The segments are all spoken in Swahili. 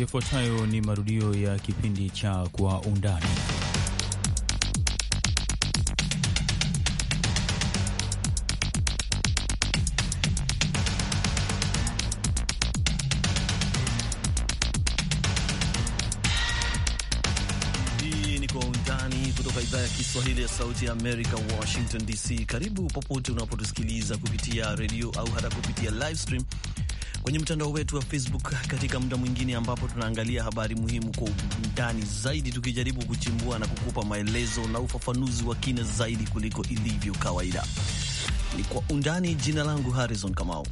Yafuatayo ni marudio ya kipindi cha Kwa Undani. Kiswahili ya Sauti ya Amerika, Washington DC. Karibu popote unapotusikiliza kupitia redio au hata kupitia live stream kwenye mtandao wetu wa Facebook katika muda mwingine ambapo tunaangalia habari muhimu kwa undani zaidi, tukijaribu kuchimbua na kukupa maelezo na ufafanuzi wa kina zaidi kuliko ilivyo kawaida. Ni kwa undani. Jina langu Harrison Kamau.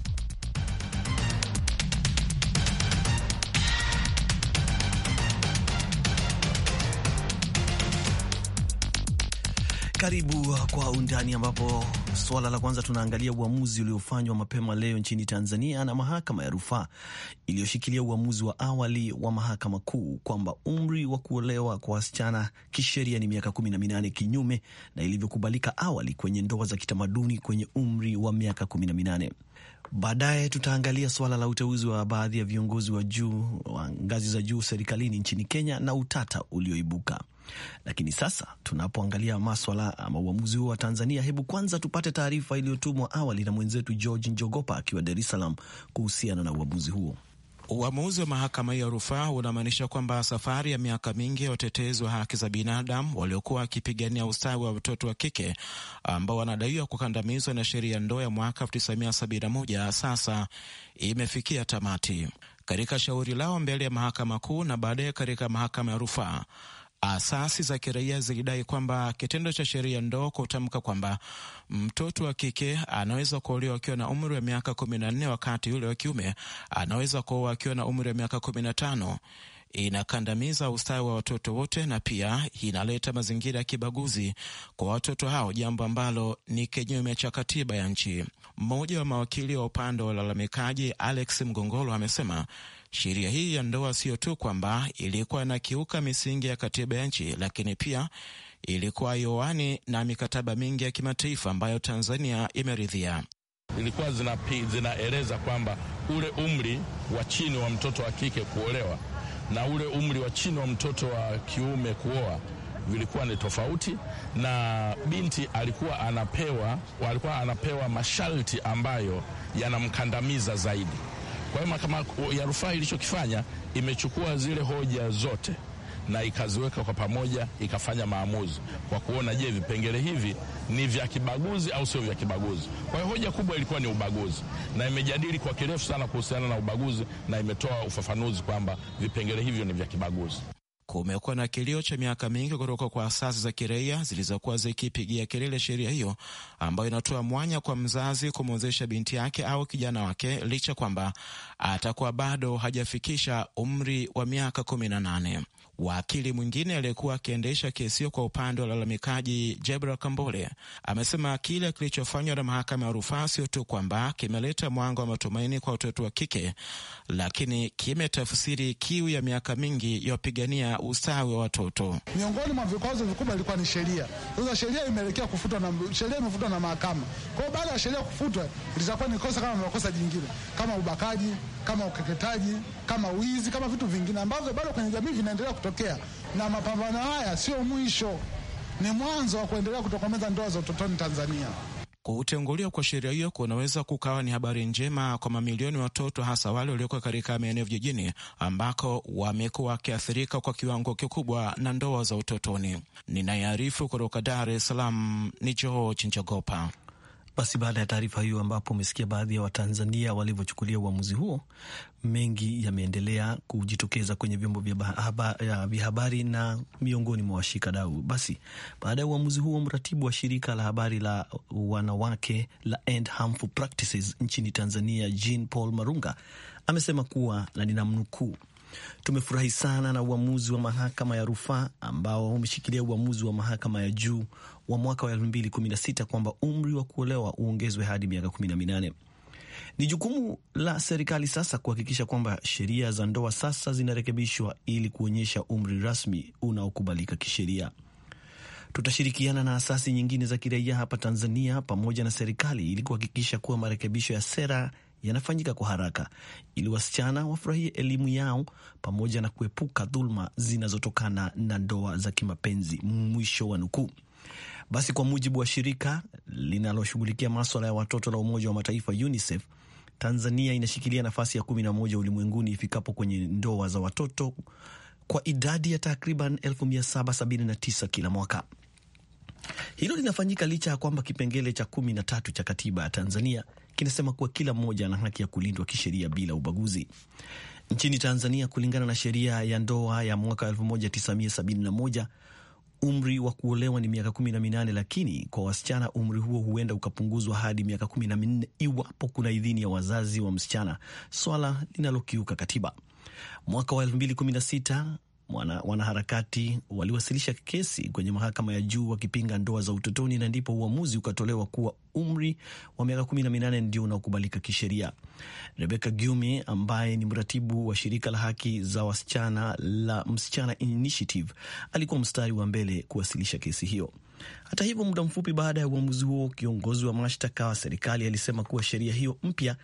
Karibu kwa undani ambapo Suala la kwanza tunaangalia uamuzi uliofanywa mapema leo nchini Tanzania na mahakama ya rufaa iliyoshikilia uamuzi wa awali wa mahakama kuu kwamba umri wa kuolewa kwa wasichana kisheria ni miaka kumi na minane kinyume na ilivyokubalika awali kwenye ndoa za kitamaduni kwenye umri wa miaka kumi na minane. Baadaye tutaangalia suala la uteuzi wa baadhi ya viongozi wa juu wa ngazi za juu serikalini nchini Kenya na utata ulioibuka. Lakini sasa tunapoangalia maswala ama uamuzi huo wa Tanzania, hebu kwanza tupate taarifa iliyotumwa awali na mwenzetu George Njogopa akiwa Dar es Salaam kuhusiana na uamuzi huo. Uamuzi wa mahakama hiyo ya rufaa unamaanisha kwamba safari ya miaka mingi ya watetezi wa haki za binadamu waliokuwa wakipigania ustawi wa watoto wa kike ambao wanadaiwa kukandamizwa na sheria ndoo ya mwaka 1971 sasa imefikia tamati katika shauri lao mbele ya mahakama kuu na baadaye katika mahakama ya rufaa. Asasi ah, za kiraia zilidai kwamba kitendo cha sheria ndoo kutamka kwamba mtoto wa kike anaweza kuolewa akiwa na umri wa miaka kumi na nne wakati yule wa kiume anaweza kuoa akiwa na umri wa miaka kumi na tano inakandamiza ustawi wa watoto wote na pia inaleta mazingira ya kibaguzi kwa watoto hao, jambo ambalo ni kinyume cha katiba ya nchi. Mmoja wa mawakili wa upande wa ulalamikaji Alex Mgongolo amesema Sheria hii ya ndoa siyo tu kwamba ilikuwa inakiuka misingi ya katiba ya nchi, lakini pia ilikuwa yoani na mikataba mingi ya kimataifa ambayo Tanzania imeridhia. Ilikuwa zinaeleza zina kwamba ule umri wa chini wa mtoto wa kike kuolewa na ule umri wa chini wa mtoto wa kiume kuoa vilikuwa ni tofauti, na binti alikuwa anapewa, alikuwa anapewa masharti ambayo yanamkandamiza zaidi. Kwa hiyo mahakama ya rufaa ilichokifanya imechukua zile hoja zote na ikaziweka kwa pamoja, ikafanya maamuzi kwa kuona, je, vipengele hivi ni vya kibaguzi au sio vya kibaguzi? Kwa hiyo hoja kubwa ilikuwa ni ubaguzi, na imejadili kwa kirefu sana kuhusiana na ubaguzi, na imetoa ufafanuzi kwamba vipengele hivyo ni vya kibaguzi. Kumekuwa na kilio cha miaka mingi kutoka kwa asasi za kiraia zilizokuwa zikipigia kelele sheria hiyo ambayo inatoa mwanya kwa mzazi kumwozesha binti yake au kijana wake licha kwamba atakuwa bado hajafikisha umri wa miaka kumi na nane. Wakili mwingine aliyekuwa akiendesha kesi hiyo kwa upande wa lalamikaji Jebra Kambole amesema kile kilichofanywa na mahakama ya rufaa sio tu kwamba kimeleta mwanga wa matumaini kwa watoto wa kike, lakini kimetafsiri kiu ya miaka mingi ya wapigania ustawi wa watoto. Miongoni mwa vikwazo vikubwa ilikuwa ni sheria. Sasa sheria imeelekea kufutwa na sheria imefutwa na mahakama. Kwa hiyo baada ya sheria kufutwa, litakuwa ni kosa kama makosa jingine kama ubakaji, kama ukeketaji, kama wizi, kama vitu vingine ambavyo bado kwenye jamii vinaendelea kutokea, na mapambano haya sio mwisho, ni mwanzo wa kuendelea kutokomeza ndoa za utotoni Tanzania. Kutenguliwa kwa sheria hiyo kunaweza kukawa ni habari njema kwa mamilioni watoto, hasa wale walioko katika maeneo vijijini ambako wamekuwa wakiathirika kwa kiwango kikubwa na ndoa za utotoni. Ninayearifu kutoka Dar es Salaam ni George Njogopa. Basi baada ya taarifa hiyo ambapo umesikia baadhi ya Watanzania walivyochukulia uamuzi huo, mengi yameendelea kujitokeza kwenye vyombo vya habari na miongoni mwa washikadau. Basi baada ya uamuzi huo, mratibu wa shirika la habari la wanawake la End Harmful Practices nchini Tanzania, Jean Paul Marunga amesema kuwa na ninamnukuu Tumefurahi sana na uamuzi wa mahakama ya rufaa ambao umeshikilia uamuzi wa mahakama ya juu wa mwaka wa 2016 kwamba umri wa kuolewa uongezwe hadi miaka 18. Ni jukumu la serikali sasa kuhakikisha kwamba sheria za ndoa sasa zinarekebishwa ili kuonyesha umri rasmi unaokubalika kisheria. Tutashirikiana na asasi nyingine za kiraia hapa Tanzania pamoja na serikali ili kuhakikisha kuwa marekebisho ya sera yanafanyika kwa haraka ili wasichana wafurahie elimu yao pamoja na kuepuka dhuluma zinazotokana na ndoa za kimapenzi, mwisho wa nukuu. Basi kwa mujibu wa shirika linaloshughulikia maswala ya watoto la Umoja wa Mataifa UNICEF, Tanzania inashikilia nafasi ya kumi na moja ulimwenguni ifikapo kwenye ndoa za watoto kwa idadi ya takriban tisa kila mwaka. Hilo linafanyika licha ya kwamba kipengele cha kumi na tatu cha katiba ya Tanzania kinasema kuwa kila mmoja ana haki ya kulindwa kisheria bila ubaguzi. Nchini Tanzania, kulingana na sheria ya ndoa ya mwaka 1971 umri wa kuolewa ni miaka kumi na minane, lakini kwa wasichana umri huo huenda ukapunguzwa hadi miaka kumi na minne iwapo kuna idhini ya wazazi wa msichana, swala linalokiuka katiba. Mwaka wa wanaharakati waliwasilisha kesi kwenye mahakama ya juu wakipinga ndoa za utotoni, na ndipo uamuzi ukatolewa kuwa umri wa miaka kumi na minane ndio unaokubalika kisheria. Rebecca Gyumi ambaye ni mratibu wa shirika la haki za wasichana la Msichana Initiative alikuwa mstari wa mbele kuwasilisha kesi hiyo. Hata hivyo, muda mfupi baada ya uamuzi huo, kiongozi wa mashtaka wa serikali alisema kuwa sheria hiyo mpya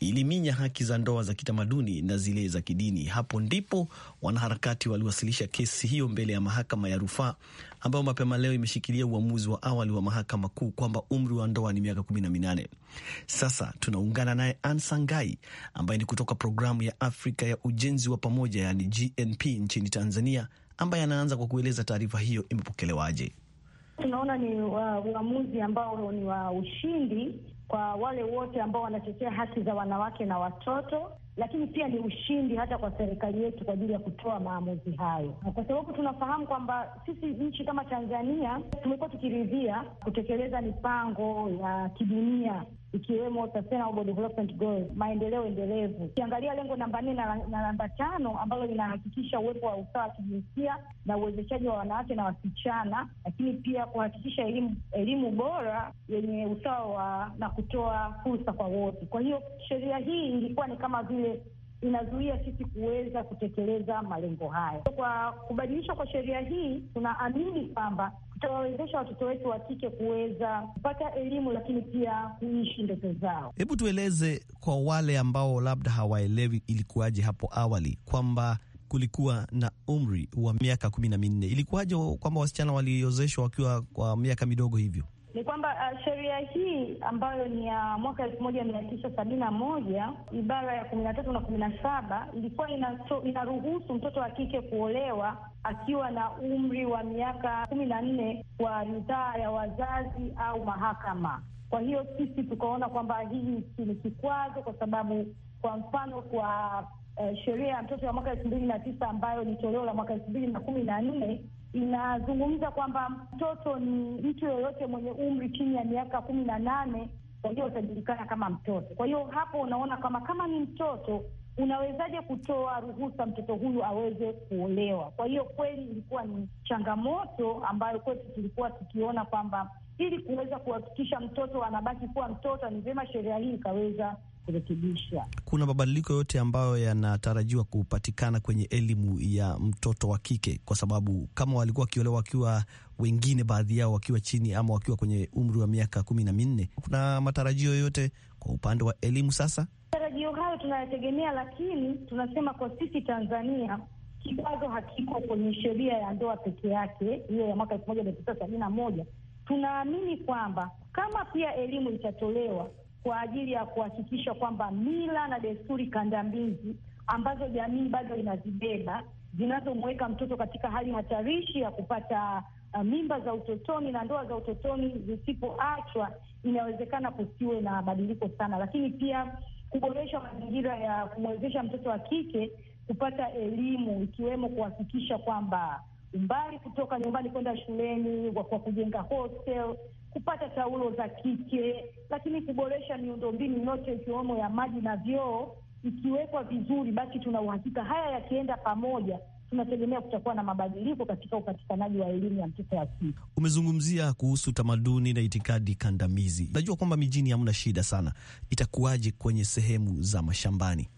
iliminya haki za ndoa za kitamaduni na zile za kidini. Hapo ndipo wanaharakati waliwasilisha kesi hiyo mbele ya mahakama ya rufaa ambayo mapema leo imeshikilia uamuzi wa awali wa mahakama kuu kwamba umri wa ndoa ni miaka kumi na minane. Sasa tunaungana naye Ansangai ambaye ni kutoka programu ya Afrika ya ujenzi wa pamoja, yani GNP nchini Tanzania, ambaye anaanza kwa kueleza taarifa hiyo imepokelewaje tunaona ni uh, uamuzi ambao ni wa ushindi kwa wale wote ambao wanatetea haki za wanawake na watoto, lakini pia ni ushindi hata kwa serikali yetu kwa ajili ya kutoa maamuzi hayo, kwa sababu tunafahamu kwamba sisi nchi kama Tanzania tumekuwa tukiridhia kutekeleza mipango ya kidunia ikiwemo sustainable development goals, maendeleo endelevu. Ukiangalia lengo namba nne na namba tano ambalo linahakikisha uwepo wa usawa wa kijinsia na uwezeshaji wa wanawake na wasichana, lakini pia kuhakikisha elimu elimu bora yenye usawa na kutoa fursa kwa wote. Kwa hiyo sheria hii ilikuwa ni kama vile inazuia sisi kuweza kutekeleza malengo haya. Kwa kubadilishwa kwa sheria hii, tunaamini kwamba tutawawezesha watoto wetu wa kike kuweza kupata elimu, lakini pia kuishi ndoto zao. Hebu tueleze kwa wale ambao labda hawaelewi ilikuwaje hapo awali kwamba kulikuwa na umri wa miaka kumi na minne. Ilikuwaje kwamba wasichana waliozeshwa wakiwa kwa miaka midogo hivyo? ni kwamba uh, sheria hii ambayo ni ya uh, mwaka elfu moja mia tisa sabini na moja ibara ya kumi na tatu na kumi na saba ilikuwa inaruhusu mtoto wa kike kuolewa akiwa na umri wa miaka kumi na nne kwa ridhaa ya wazazi au mahakama. Kwa hiyo sisi tukaona kwamba hii ni kikwazo, kwa sababu kwa mfano kwa uh, sheria ya mtoto ya mwaka elfu mbili na tisa ambayo ni toleo la mwaka elfu mbili na kumi na nne inazungumza kwamba mtoto ni mtu yoyote mwenye umri chini ya miaka kumi na nane kwa hiyo utajulikana kama mtoto. Kwa hiyo hapo unaona kwamba kama ni mtoto unawezaje kutoa ruhusa mtoto huyu aweze kuolewa? Kwa hiyo kweli ilikuwa ni changamoto ambayo kwetu tulikuwa tukiona kwamba ili kuweza kuhakikisha mtoto anabaki kuwa mtoto, ni vyema sheria hii ikaweza kurekebisha. Kuna mabadiliko yote ambayo yanatarajiwa kupatikana kwenye elimu ya mtoto wa kike, kwa sababu kama walikuwa wakiolewa wakiwa wengine, baadhi yao wakiwa chini ama wakiwa kwenye umri wa miaka kumi na minne, kuna matarajio yoyote kwa upande wa elimu sasa? matarajio hayo tunayategemea, lakini tunasema kwa sisi Tanzania kikwazo hakiko kwenye sheria ya ndoa peke yake, hiyo ya mwaka elfu moja mia tisa sabini na moja. Tunaamini kwamba kama pia elimu itatolewa kwa ajili ya kuhakikisha kwamba mila na desturi kandambizi ambazo jamii bado inazibeba zinazomweka mtoto katika hali hatarishi ya kupata uh, mimba za utotoni na ndoa za utotoni zisipoachwa, inawezekana kusiwe na mabadiliko sana, lakini pia kuboresha mazingira ya kumwezesha mtoto wa kike kupata elimu ikiwemo kuhakikisha kwamba umbali kutoka nyumbani kwenda shuleni kwa kujenga hostel, kupata taulo za kike, lakini kuboresha miundombinu yote ikiwemo ya maji na vyoo ikiwekwa vizuri, basi tuna uhakika haya yakienda pamoja tunategemea kutakuwa na mabadiliko katika upatikanaji wa elimu ya mtoto wa kike. Umezungumzia kuhusu tamaduni na itikadi kandamizi. Najua kwamba mijini hamna shida sana, itakuwaje kwenye sehemu za mashambani?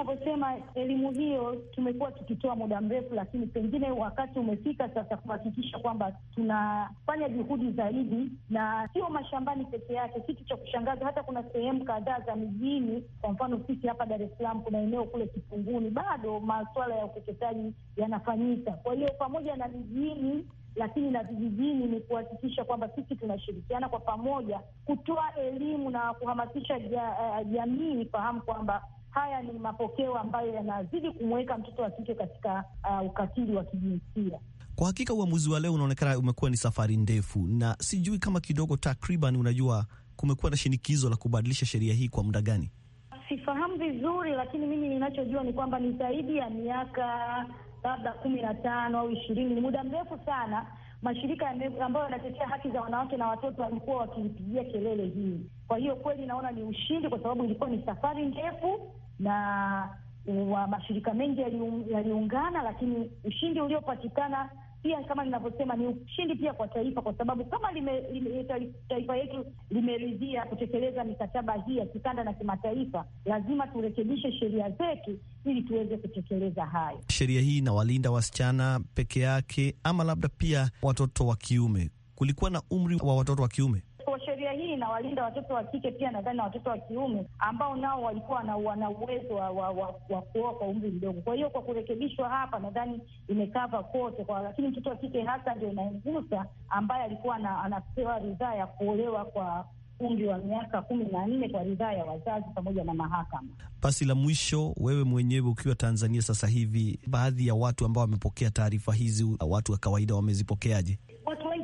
unavyosema, elimu hiyo tumekuwa tukitoa muda mrefu, lakini pengine wakati umefika sasa kuhakikisha kwamba tunafanya juhudi zaidi, na sio mashambani peke yake. Kitu cha kushangaza, hata kuna sehemu kadhaa za mijini, kwa mfano sisi hapa Dar es Salaam kuna eneo kule Kipunguni, bado masuala ya ukeketaji yanafanyika. Kwa hiyo pamoja na mijini lakini na vijijini ni kuhakikisha kwamba sisi tunashirikiana kwa pamoja kutoa elimu na kuhamasisha jamii ja, ifahamu kwamba haya ni mapokeo ambayo yanazidi kumweka mtoto wa kike katika uh, ukatili wa kijinsia. Kwa hakika uamuzi wa leo unaonekana umekuwa ni safari ndefu, na sijui kama kidogo takriban, unajua kumekuwa na shinikizo la kubadilisha sheria hii kwa muda gani? Sifahamu vizuri, lakini mimi ninachojua ni kwamba ni zaidi ya miaka labda kumi na tano au ishirini. Ni muda mrefu sana mashirika ambayo yanatetea haki za wanawake na watoto walikuwa wakilipigia kelele hii. Kwa hiyo kweli naona ni ushindi, kwa sababu ilikuwa ni safari ndefu na wa mashirika mengi yaliungana, lakini ushindi uliopatikana pia kama ninavyosema ni ushindi pia kwa taifa, kwa sababu kama lime, lime, taifa yetu limeridhia kutekeleza mikataba hii ya kikanda na kimataifa, lazima turekebishe sheria zetu ili tuweze kutekeleza hayo. Sheria hii inawalinda wasichana peke yake ama labda pia watoto wa kiume? Kulikuwa na umri wa watoto wa kiume? Kwa sheria hii inawalinda watoto wa kike pia nadhani na watoto wa kiume ambao nao walikuwa wana uwezo wa, wa, wa, wa kuoa kwa umri mdogo. Kwa hiyo kwa kurekebishwa hapa nadhani imekava kote kwa, lakini mtoto wa kike hasa ndio inamgusa ambaye alikuwa anapewa ridhaa ya kuolewa kwa umri wa miaka kumi na nne kwa ridhaa ya wazazi pamoja na mahakama. Basi la mwisho, wewe mwenyewe ukiwa Tanzania sasa hivi, baadhi ya watu ambao wamepokea taarifa hizi, watu wa kawaida wamezipokeaje?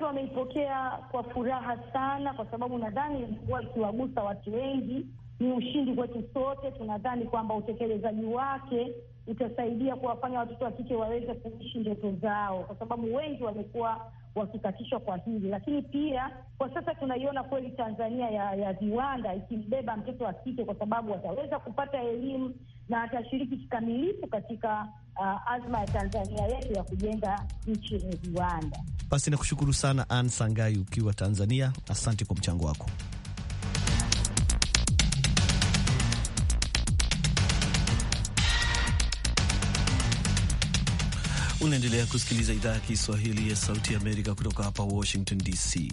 kwanza wameipokea kwa furaha sana, kwa sababu nadhani ilikuwa ikiwagusa watu wengi. Ni ushindi kwetu sote. Tunadhani kwamba utekelezaji wake utasaidia kuwafanya watoto wa kike waweze kuishi ndoto zao, kwa sababu wengi wamekuwa wakikatishwa kwa hili. Lakini pia kwa sasa tunaiona kweli Tanzania ya, ya viwanda ikimbeba mtoto wa kike, kwa sababu ataweza kupata elimu na atashiriki kikamilifu katika uh, azma ya Tanzania yetu ya kujenga nchi yenye viwanda. Basi nakushukuru sana Ann Sangai ukiwa Tanzania, asante kwa mchango wako. Unaendelea kusikiliza idhaa ya Kiswahili ya Sauti ya Amerika kutoka hapa Washington DC.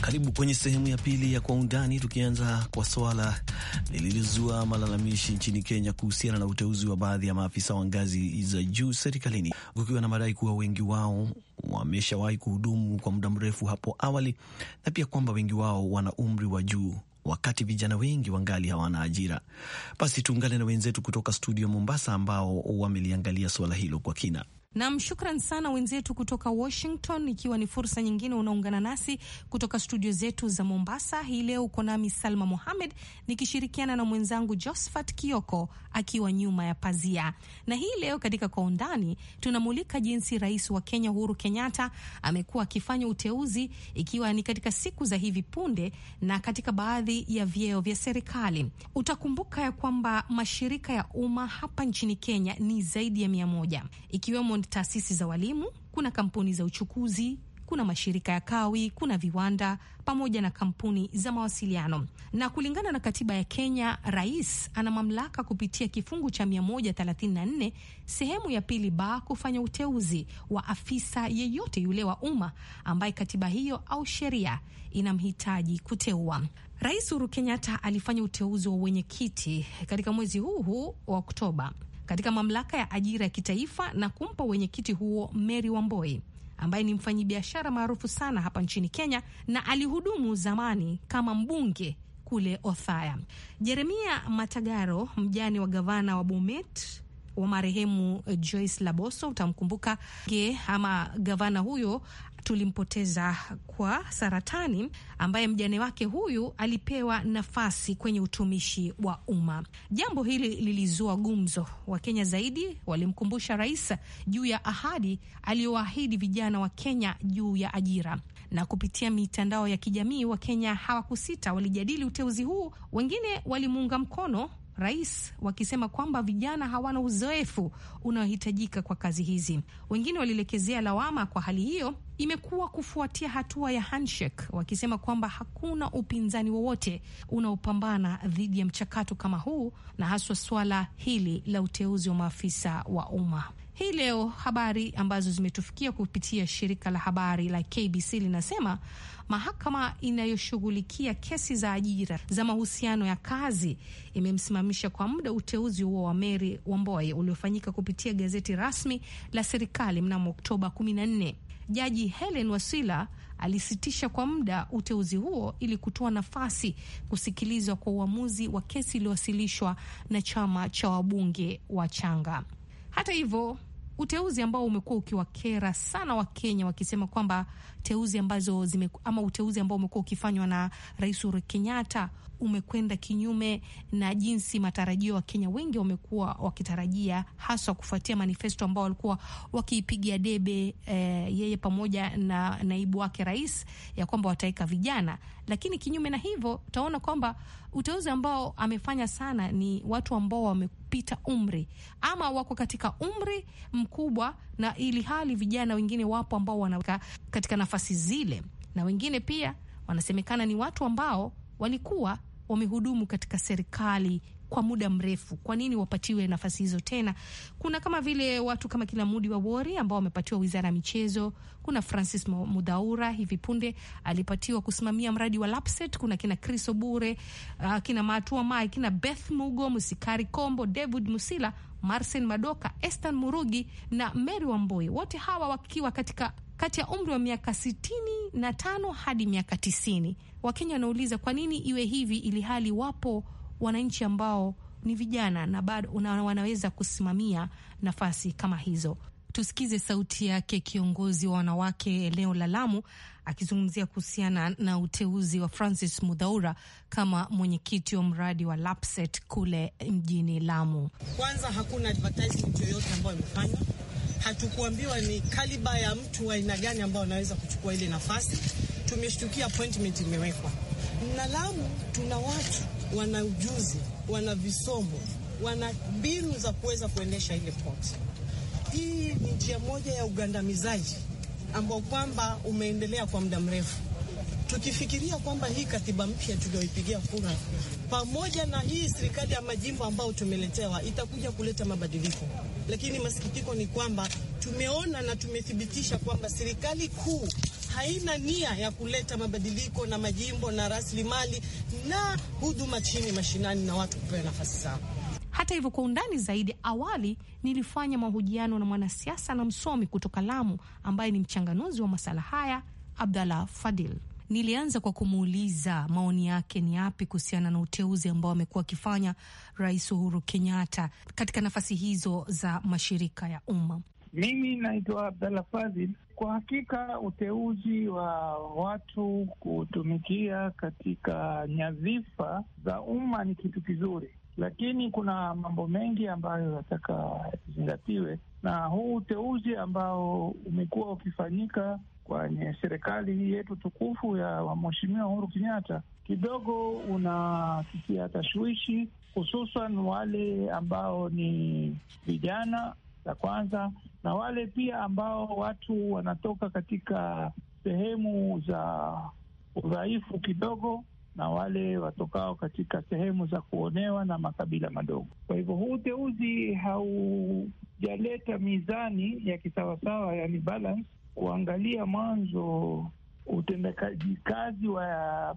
Karibu kwenye sehemu ya pili ya Kwa Undani, tukianza kwa swala lililozua malalamishi nchini Kenya kuhusiana na uteuzi wa baadhi ya maafisa wa ngazi za juu serikalini, kukiwa na madai kuwa wengi wao wameshawahi kuhudumu kwa muda mrefu hapo awali na pia kwamba wengi wao wana umri wa juu wakati vijana wengi wangali hawana ajira. Basi tuungane na wenzetu kutoka studio Mombasa ambao wameliangalia suala hilo kwa kina. Nam, shukran sana wenzetu kutoka Washington. Ikiwa ni fursa nyingine unaungana nasi kutoka studio zetu za Mombasa hii leo, uko nami Salma Mohamed nikishirikiana na mwenzangu Josphat Kioko akiwa nyuma ya pazia, na hii leo katika Kwa Undani tunamulika jinsi rais wa Kenya Uhuru Kenyatta amekuwa akifanya uteuzi, ikiwa ni katika siku za hivi punde na katika baadhi ya vyeo vya serikali. Utakumbuka ya kwamba mashirika ya umma hapa nchini Kenya ni zaidi ya mia moja ikiwemo ni taasisi za walimu, kuna kampuni za uchukuzi, kuna mashirika ya kawi, kuna viwanda pamoja na kampuni za mawasiliano. Na kulingana na katiba ya Kenya, rais ana mamlaka kupitia kifungu cha 134 sehemu ya pili ba kufanya uteuzi wa afisa yeyote yule wa umma ambaye katiba hiyo au sheria inamhitaji kuteua. Rais Uhuru Kenyatta alifanya uteuzi wa wenyekiti katika mwezi huu huu wa Oktoba katika mamlaka ya ajira ya kitaifa na kumpa wenyekiti huo Mary Wamboi ambaye ni mfanyibiashara maarufu sana hapa nchini Kenya na alihudumu zamani kama mbunge kule Othaya. Jeremia Matagaro, mjane wa gavana wa Bomet wa marehemu eh, Joyce Laboso. Utamkumbuka ge ama gavana huyo tulimpoteza kwa saratani, ambaye mjane wake huyu alipewa nafasi kwenye utumishi wa umma. Jambo hili lilizua gumzo, Wakenya zaidi walimkumbusha rais juu ya ahadi aliyoahidi vijana wa Kenya juu ya ajira na kupitia mitandao ya kijamii Wakenya hawakusita, walijadili uteuzi huu. Wengine walimuunga mkono, rais wakisema kwamba vijana hawana uzoefu unaohitajika kwa kazi hizi. Wengine walielekezea lawama kwa hali hiyo imekuwa kufuatia hatua ya handshake, wakisema kwamba hakuna upinzani wowote unaopambana dhidi ya mchakato kama huu na haswa swala hili la uteuzi wa maafisa wa umma. Hii leo habari ambazo zimetufikia kupitia shirika la habari la KBC linasema Mahakama inayoshughulikia kesi za ajira za mahusiano ya kazi imemsimamisha kwa muda uteuzi huo wa Mary mboye uliofanyika kupitia gazeti rasmi la serikali mnamo Oktoba 14. Jaji Helen Wasila alisitisha kwa muda uteuzi huo ili kutoa nafasi kusikilizwa kwa uamuzi wa kesi iliyowasilishwa na chama cha wabunge wa changa Hata hivyo, uteuzi ambao umekuwa ukiwakera sana Wakenya wakisema kwamba teuzi ambazo zime, ama uteuzi ambao umekuwa ukifanywa na Rais Uhuru Kenyatta umekwenda kinyume na jinsi matarajio wa Kenya wengi wamekuwa wakitarajia, haswa kufuatia manifesto ambao walikuwa wakiipigia debe e, yeye pamoja na naibu wake rais, ya kwamba wataweka vijana. Lakini kinyume na hivyo, utaona kwamba uteuzi ambao amefanya sana ni watu ambao wamepita umri ama wako katika umri mkubwa, na ili hali vijana wengine wapo ambao wanaweka katika nafasi nafasi zile, na wengine pia wanasemekana ni watu ambao walikuwa wamehudumu katika serikali kwa muda mrefu. Kwa nini wapatiwe nafasi hizo tena? Kuna kama vile watu kama kina Mudi wa Wori ambao wamepatiwa wizara ya michezo. Kuna Francis Mudhaura hivi punde alipatiwa kusimamia mradi wa Lapset. Kuna kina Chris Obure, uh, kina Matua Mai, kina Beth Mugo, Musikari Kombo, David Musila marsen Madoka, Esther Murugi na Mary Wambui, wote hawa wakiwa katika kati ya umri wa miaka sitini na tano hadi miaka tisini. Wakenya wanauliza kwa nini iwe hivi, ili hali wapo wananchi ambao ni vijana na bado wanaweza kusimamia nafasi kama hizo. Tusikize sauti yake kiongozi wa wanawake eneo la Lamu akizungumzia kuhusiana na uteuzi wa Francis Mudhaura kama mwenyekiti wa mradi wa Lapset kule mjini Lamu. Kwanza hakuna advertisement yoyote ambayo imefanywa, hatukuambiwa ni kaliba ya mtu wa aina gani ambao anaweza kuchukua ile nafasi. Tumeshtukia appointment imewekwa na Lamu, tuna watu wana ujuzi, wana visomo, wana mbinu za kuweza kuendesha ile port. Hii ni njia moja ya ugandamizaji ambao kwamba umeendelea kwa muda mrefu. Tukifikiria kwamba hii katiba mpya tuliyoipigia kura pamoja na hii serikali ya majimbo ambayo tumeletewa itakuja kuleta mabadiliko, lakini masikitiko ni kwamba tumeona na tumethibitisha kwamba serikali kuu haina nia ya kuleta mabadiliko na majimbo na rasilimali na huduma chini mashinani na watu kupewa nafasi zao. Hata hivyo, kwa undani zaidi, awali nilifanya mahojiano na mwanasiasa na msomi kutoka Lamu ambaye ni mchanganuzi wa masala haya, Abdallah Fadil. Nilianza kwa kumuuliza maoni yake ni yapi kuhusiana na uteuzi ambao amekuwa akifanya Rais Uhuru Kenyatta katika nafasi hizo za mashirika ya umma. Mimi naitwa Abdallah Fadhil. Kwa hakika uteuzi wa watu kutumikia katika nyadhifa za umma ni kitu kizuri, lakini kuna mambo mengi ambayo nataka izingatiwe na huu uteuzi ambao umekuwa ukifanyika kwenye serikali hii yetu tukufu ya Mheshimiwa Uhuru Kenyatta kidogo kisia tashwishi, hususan wale ambao ni vijana la kwanza, na wale pia ambao watu wanatoka katika sehemu za udhaifu kidogo na wale watokao katika sehemu za kuonewa na makabila madogo. Kwa hivyo huu uteuzi haujaleta mizani ya kisawasawa, yani balance, kuangalia mwanzo utendekaji kazi wa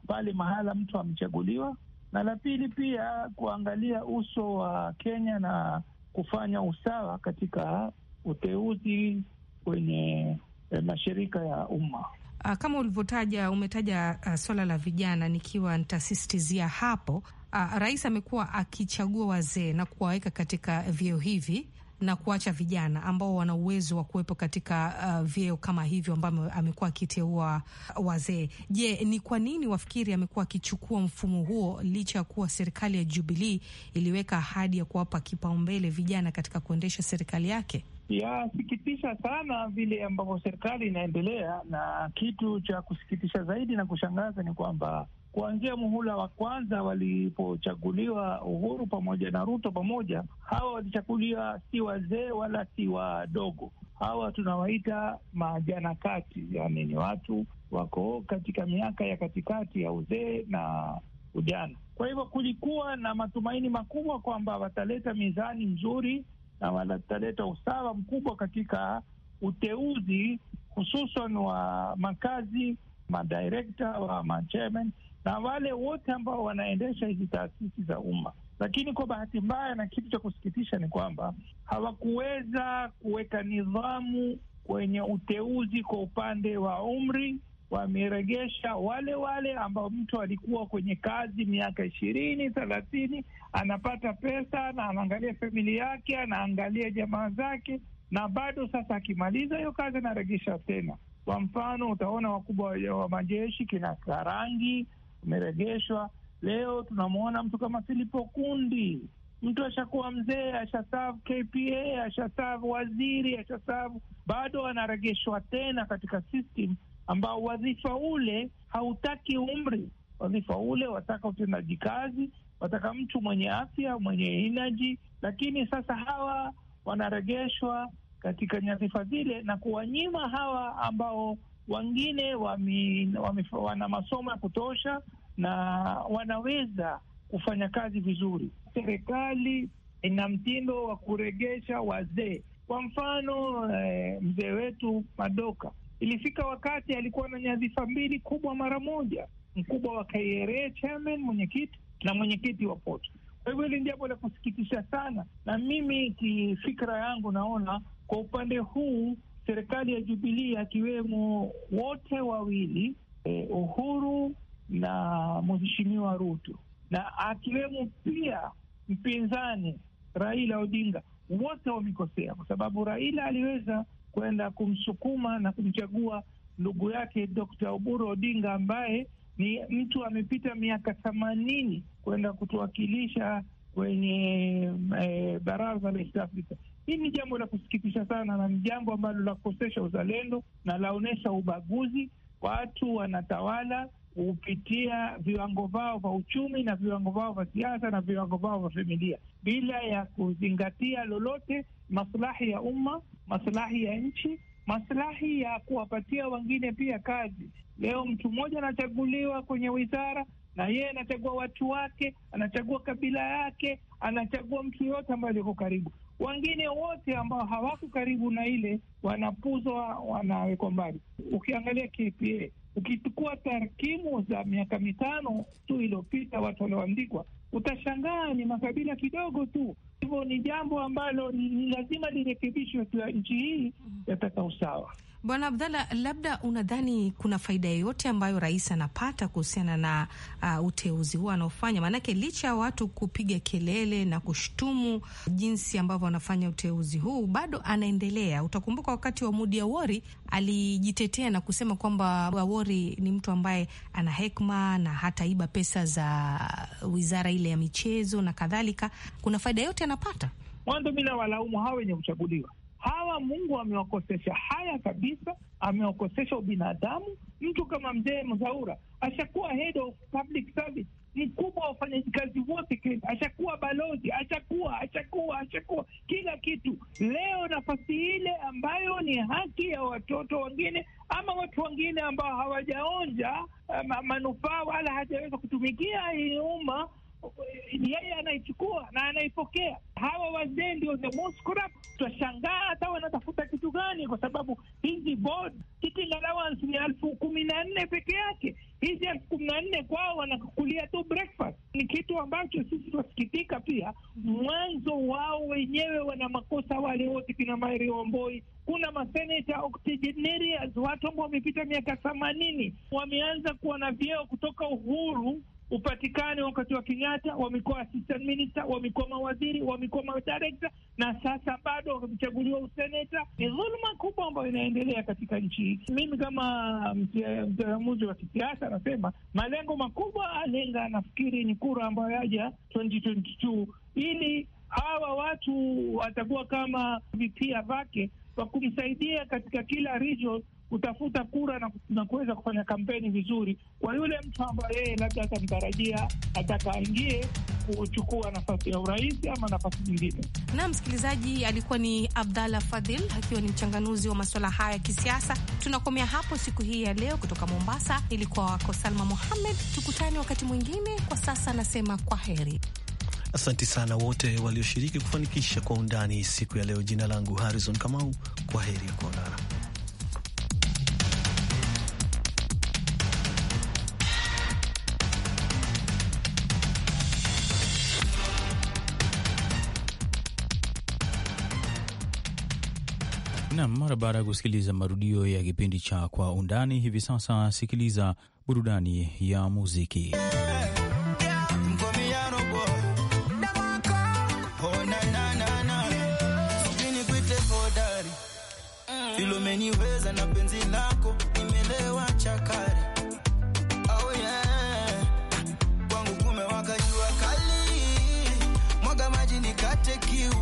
pale mahala mtu amechaguliwa, na la pili pia kuangalia uso wa Kenya na kufanya usawa katika uteuzi kwenye eh, mashirika ya umma. Uh, kama ulivyotaja umetaja uh, swala la vijana, nikiwa nitasisitizia hapo. Uh, rais amekuwa akichagua wazee na kuwaweka katika vyeo hivi na kuacha vijana ambao wana uwezo wa kuwepo katika uh, vyeo kama hivyo ambavyo amekuwa akiteua wazee. Je, ni kwa nini wafikiri amekuwa akichukua mfumo huo licha ya kuwa serikali ya Jubilii iliweka ahadi ya kuwapa kipaumbele vijana katika kuendesha serikali yake? Yasikitisha sana vile ambavyo serikali inaendelea, na kitu cha kusikitisha zaidi na kushangaza ni kwamba kuanzia muhula wa kwanza walipochaguliwa Uhuru pamoja na Ruto pamoja, hawa walichaguliwa si wazee wala si wadogo. Hawa tunawaita majana kati, yani ni watu wako katika miaka ya katikati ya uzee na ujana. Kwa hivyo kulikuwa na matumaini makubwa kwamba wataleta mizani nzuri na wanataleta usawa mkubwa katika uteuzi hususan wa makazi, madirekta wa machairman na wale wote ambao wanaendesha hizi taasisi za umma. Lakini kwa bahati mbaya na kitu cha kusikitisha ni kwamba hawakuweza kuweka nidhamu kwenye uteuzi kwa upande wa umri wameregesha wale wale ambao mtu alikuwa kwenye kazi miaka ishirini thelathini, anapata pesa na anaangalia familia yake, anaangalia jamaa zake, na bado sasa akimaliza hiyo kazi anaregesha tena. Kwa mfano, utaona wakubwa wa majeshi kina Karangi wameregeshwa Leo tunamwona mtu kama Filipo Kundi, mtu ashakuwa mzee, ashasavu KPA, ashasavu waziri, ashasavu bado anaregeshwa tena katika system ambao wadhifa ule hautaki umri, wadhifa ule wataka utendaji kazi, wataka mtu mwenye afya, mwenye inaji. Lakini sasa hawa wanaregeshwa katika nyadhifa zile na kuwanyima hawa ambao wengine wana masomo ya kutosha na wanaweza kufanya kazi vizuri. Serikali ina mtindo wa kuregesha wazee. Kwa mfano eh, mzee wetu Madoka Ilifika wakati alikuwa na nyadhifa mbili kubwa mara moja, mkubwa wa KRA chairman, mwenyekiti na mwenyekiti wa poti. Kwa hivyo hili ni jambo la kusikitisha sana, na mimi kifikra yangu naona kwa upande huu serikali ya Jubilii akiwemo wote wawili eh, Uhuru na mheshimiwa Ruto na akiwemo pia mpinzani Raila Odinga, wote wamekosea, kwa sababu Raila aliweza kwenda kumsukuma na kumchagua ndugu yake Dkt. Oburu Odinga ambaye ni mtu amepita miaka themanini kwenda kutuwakilisha kwenye e, baraza la East Africa. Hii ni jambo la kusikitisha sana na ni jambo ambalo la kukosesha uzalendo na laonyesha ubaguzi. Watu wanatawala kupitia viwango vao vya uchumi na viwango vao vya siasa na viwango vao vya familia, bila ya kuzingatia lolote maslahi ya umma, maslahi ya nchi, maslahi ya kuwapatia wengine pia kazi. Leo mtu mmoja anachaguliwa kwenye wizara na yeye anachagua watu wake, anachagua kabila yake, anachagua mtu yoyote ambaye aliko karibu. Wengine wote ambao hawako karibu na ile wanapuzwa, wanawekwa mbali. Ukiangalia KPA, ukichukua tarakimu za miaka mitano tu iliyopita, watu walioandikwa, utashangaa ni makabila kidogo tu. Hivyo ni jambo ambalo ni lazima lirekebishwe, nchi hii yataka usawa. Bwana Abdalla, labda unadhani kuna faida yoyote ambayo rais anapata kuhusiana na uh, uteuzi huo anaofanya? Maanake licha ya watu kupiga kelele na kushtumu jinsi ambavyo anafanya uteuzi huu, bado anaendelea. Utakumbuka wakati wa Mudi Awori alijitetea na kusema kwamba Awori ni mtu ambaye ana hekma na hataiba pesa za wizara ile ya michezo na kadhalika. Kuna faida yote anapata? Mwanzo mi nawalaumu hawa wenye kuchaguliwa hawa Mungu amewakosesha haya kabisa, amewakosesha ubinadamu. Mtu kama mzee Mzaura ashakuwa head of public service mkubwa wa wafanyakazi wote Kenya, ashakuwa balozi, ashakuwa ashakuwa ashakuwa kila kitu. Leo nafasi ile ambayo ni haki ya watoto wengine ama watu wengine ambao hawajaonja eh, manufaa wala hajaweza kutumikia hii umma yeye anaichukua na anaipokea. Hawa wazee ndio the most corrupt. Twashangaa hata wanatafuta kitu gani, kwa sababu hizi board sitting allowance ni elfu kumi na nne peke yake. Hizi elfu kumi na nne kwao wanakukulia tu breakfast. Ni kitu ambacho sisi twasikitika pia. Mwanzo wao wenyewe wana makosa wale wote, kina Maeri Wamboi, kuna maseneta octogenarians, watu ambao wamepita miaka themanini, wameanza kuwa na vyeo kutoka uhuru upatikane wakati wa Kenyatta, wamekuwa assistant minister, wamekuwa mawaziri, wamekuwa madirekta na sasa bado wakichaguliwa useneta. Ni dhuluma kubwa ambayo inaendelea katika nchi hii. Mimi kama mtaamuzi wa kisiasa anasema malengo makubwa alenga, nafikiri ni kura ambayo yaja 2022 ili hawa watu watakuwa kama vipia vake wa kumsaidia katika kila region kutafuta kura na, na kuweza kufanya kampeni vizuri kwa yule mtu ambaye yeye labda atamtarajia atakaingie kuchukua nafasi ya urais ama nafasi nyingine. Na msikilizaji, alikuwa ni Abdallah Fadhil akiwa ni mchanganuzi wa masuala haya ya kisiasa. Tunakomea hapo siku hii ya leo. Kutoka Mombasa ilikuwa wako Salma Mohamed, tukutane wakati mwingine. Kwa sasa nasema kwa heri. Asanti sana wote walioshiriki kufanikisha kwa undani siku ya leo. Jina langu Harrison Kamau, kwa heri ya kuonana. Nam, mara baada ya kusikiliza marudio ya kipindi cha Kwa Undani, hivi sasa sikiliza burudani ya muziki. Umeniweza na penzi lako nimelewa chakari oh yeah. Kwangu kumewaka jua kali, mwaga maji nikate kiu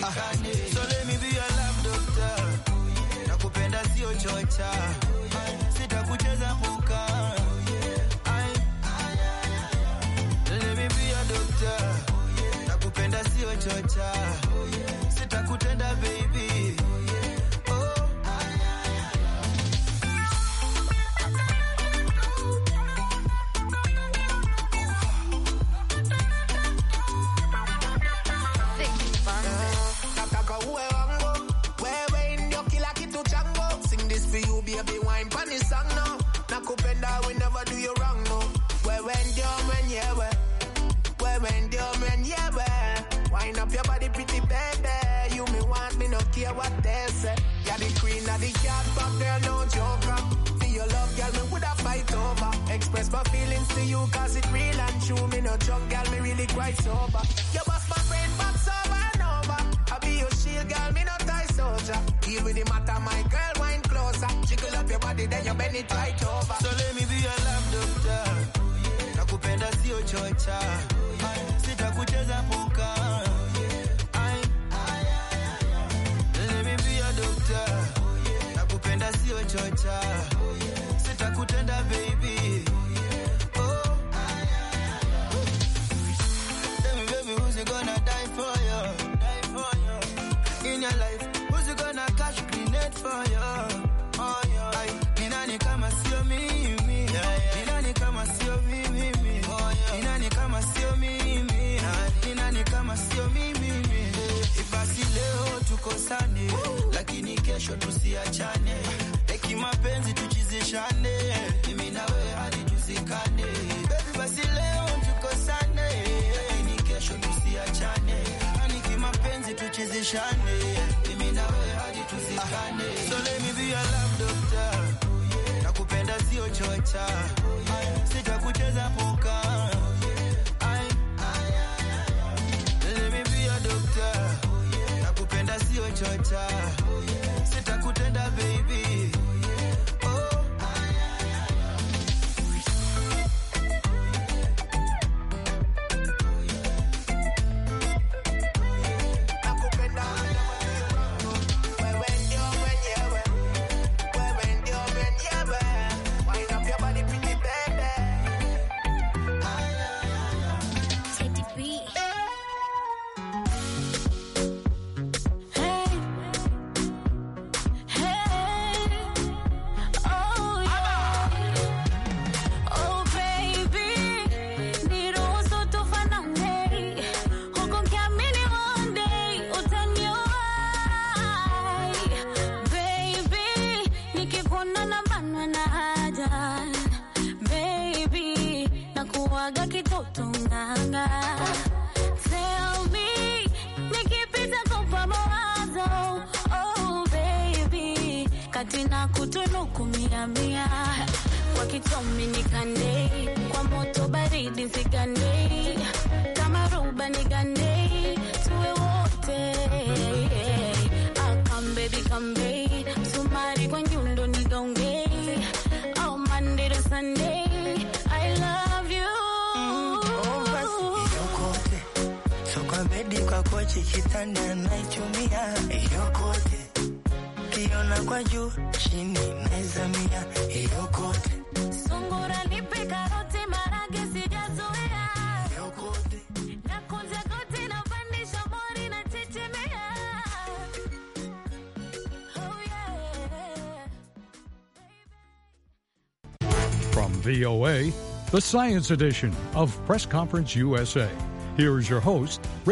tupatikane. So let me be your love doctor, nakupenda sio chocha, sitakucheza muka. sio chocha, sitakutenda baby Your body pretty baby, you me want me no care what they say. you the queen of the yard, but girl no joker. For your love, girl me woulda fight over. Express my feelings to you 'cause it real and true. Me no joke, girl me really quite sober. You bust my brain box over and over. I be your shield, girl me no tie soldier. Deal with the matter, my girl wine closer. Jiggle up your body then you bend it right over. So let me be your love doctor. Nakupenda sio chocha. Sitakucheza puka. kunichocha, sitakutenda baby. Oh, oh, sio oh, lakini kesho tupishane mimi na wewe hadi tuzikane. So let me be your love doctor, nakupenda sio chocha, sitakucheza poka. Let me be your doctor, nakupenda sio chocha wakati na kutunuku mia mia kwa kichomi nikande kwa moto baridi zigande kama ruba ni nigande tuwe wote akambebi ah, kambe sumari kwa nyundo nigonge au oh, mandero sande I love you eh, eh. sokamedi kwa kochi kitanda naichumia eh, yokote kwa juu chini, hiyo kote. Sungura nipe karoti, marage sijazoea, mori, Oh yeah. From VOA, the science edition of Press Conference USA. Here's your host, Rick